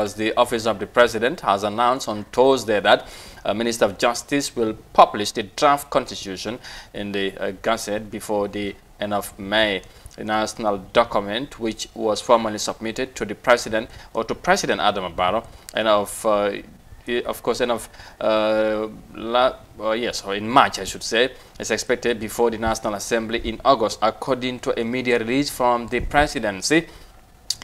As the Office of the President has announced on Thursday that uh, Minister of Justice will publish the draft constitution in the uh, Gazette before the end of May. The national document, which was formally submitted to the President or to President Adam Barrow and of uh, of course, end of uh, la, uh, yes, or in March, I should say, is expected before the National Assembly in August, according to a media release from the presidency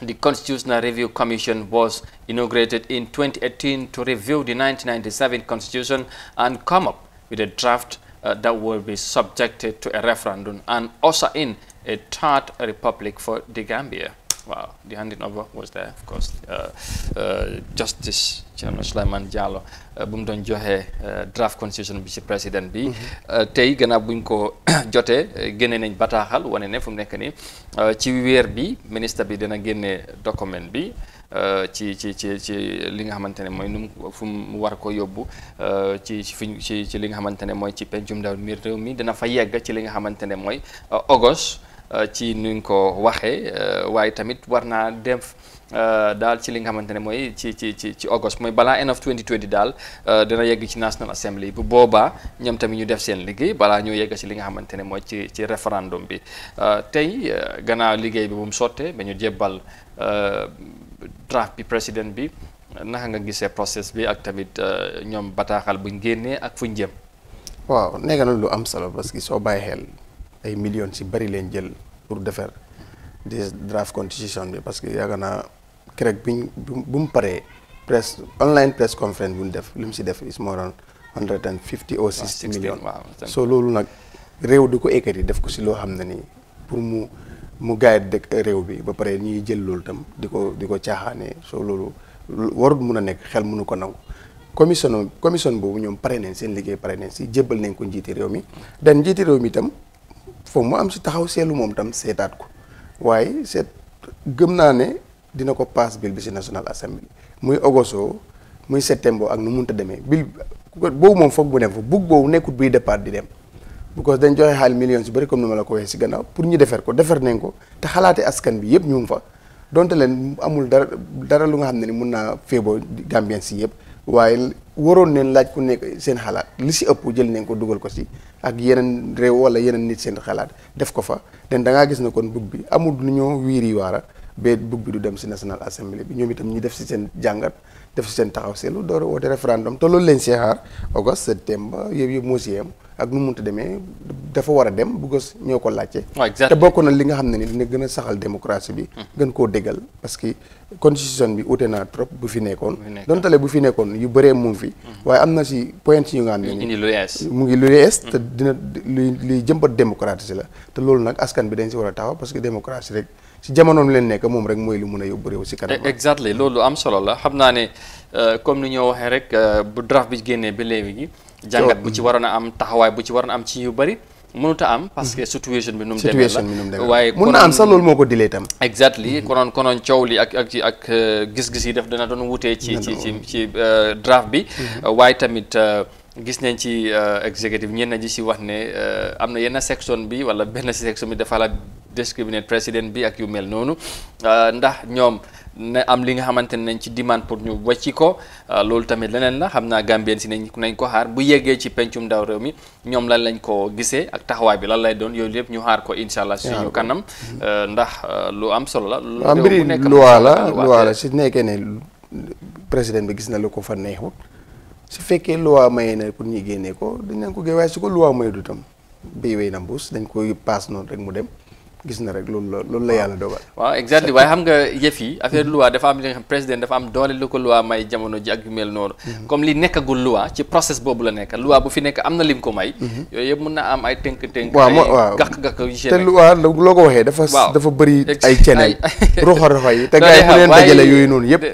the Constitutional Review Commission was inaugurated in 2018 to review the 1997 Constitution and come up with a draft uh, that will be subjected to a referendum and usher in a third republic for the Gambia. waaw the handing over was there of course uh, uh, justice Thierno Souleymane Diallo uh, bu mu doon joxee draft constitution bi ci président bi mhm. tey gannaaw buñ ko jotee génne nañ bataaxal wane ne fu mu nekk nii ci weer bi ministre bi dana génne document bi ci ci ci ci li nga xamante ne mooy nu mu war ko yóbbu ci ci ci li nga xamante ne mooy ci pencum ndaw mi réew mi dina fa yegg ci li nga xamante ne mooy August Euh, ci nuñ ko waxé euh, waye tamit warna dem def euh, dal ci li nga xamantene moy ci ci ci August moy balaa end of 2020 dal, dina yegg ci National Assembly bu boba, ñom tamit ñu def seen liggéey balaa ñu yegg ci li nga xamantene moy ci ci referendum bi tay gannaaw liggéey bi bu mu sottee ba ñu jébbal draft bi president bi naka nga gisé process bi ak tamit ñom bataxal bu génnee ak fuñ jëm. waaw nekk na lu am solo parce que so baye xel. ay millions si bari leen jël pour defar des draft constitution bi parce que yaakaar naa CREC biñ bu mu paree press online press conference bu ñu def lu mu si def is more than hundred and fifty or sixty ah, millions so loolu nag réew di ko ékkat yi def ko si loo xam ne ni pour mu mu gaayet dëkk réew bi ba paree ñuy jël loolu tam di ko di ko caaxaane soo loolu warul mun a nekk xel munu ko nangu commission commission boobu ñoom pare nañ seen liggéey pare nañ si jébbal nañ ko njiiti réew mi dan njiiti réew mi foofu mu am ci taxaw selu mom tam setat ko waye set gem na ne dina ko pass bil bi ci national assembly muy ogoso muy septembre ak nu munta deme bil bo mom foog bu dem fo bu bo nekut bi depart di dem because dañ joxe hal millions bari comme ni mala ko wé ci gannaaw pour ñi defer ko defer nañ ko te xalaté askan bi yépp ñu ngi fa donte len amul dara dara lu nga xamné ne ni gambien ci yépp waaye waroon neen laaj ku nekk seen xalaat li si ëpp jël nañ ko dugal ko si ak yeneen réew wala yeneen nit seen xalaat def ko fa den da gis ne kon bug bi amul lu ñoo wiiri waara ba bug bi du dem si National Assembly bi ñoom itam ñu def si seen jàngat def si seen taxaw seetlu door a woote référendum te loolu lañ see xaar auguste septembre yëpp yëpp moo ak nu mu munti demee dafa fa wara dem bu gës ñoko laccé te bokku na li nga xamné ni dina gëna saxal démocratie bi hmm. gën ko déggal parce que constitution bi outé na trop bu fi don talé bu fi nékkon yu bëree mu fi hmm. waye amna ci si point yu nga xamné ni mu ngi lu yees te hmm. dina li jëmbat démocratie la te lool nak askan bi dañ si wara a taxaw parce que démocratie rek jamono lu leen nekk mom rek moy lu mun a yóbbu ci si kanam eh, exactly loolu am solo la xamna ni euh, comme ni ñoo waxee rek euh, bu draft bi génné ba léegi gi bu ci warona am taxaway bu ci warona am ci yu bari mënut a am parce que mhm. situation bi nu mu demee la waaye mun na am sax loolu moo ko dilee tam exactly mhm. konoon konoon coow li ak ak ci ak uh, gis-gis yi def dana doon wutee ci ci ci ci uh, draft bi mhm. uh, waaye tamit gis nañ ci executive ñenn ji si wax ne am na yenn section bi wala benn si section bi defal a discriminate président bi ak yu mel noonu euh, ndax ñoom ne am li nga xamante ne nañ ci demande pour ñu wàcci ko euh, loolu tamit leneen la xam naa Gambien si nañ nañ ko xaar bu yeggee ci pencum ndaw réew mi ñoom lan lañ ko gisee ak taxawaay bi lan lay doon yooyu yëpp ñu xaar ko incha allah suñu kanam euh, ndax lu am solo la mbiri luwaa la luwaa la si nekkee ne président bi gis na lu ko fa neexut su fekkee luwaa mayee na pour ñu génnee ko dañ leen ko géwaay su ko luwaa mayee du tam béy na mbuus dañ koy paas noonu rek mu dem gis na rek loolu la loolu la yàlla dogal. waaw exactement waaye xam nga yëf yi affaire mm-hmm. loi dafa am li nga xam président dafa am doole lu may jamono ji ak yu mel noonu. Mm-hmm. comme li nekkagul loi ci process boobu la nekk loi bu nekk am na lim ko may. Mm-hmm. yooyu yëpp mën na am ay tënk-tënk. waaw mooy waaw te loi loo ko waxee dafa. dafa bëri ay ceneen. roxo roxo yi te gars yi bu leen dajale yooyu noonu yëpp.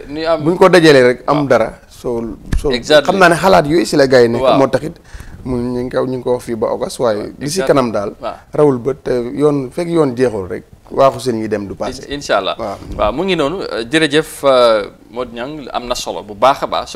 bu ñu ko dajalee rek am dara. soo soo xam naa ne xalaat yooyu si la gars yi nekk moo taxit mu ñu ngi kaw ñu ngi ko wax fii ba ogas waaye li si kanam daal rawul bët te yoon fekk yoon jeexul rek waaxu seen yi dem du passé incha allah waaw mu ngi noonu jërëjëf euh, Modou Niang am na solo bu baax a baax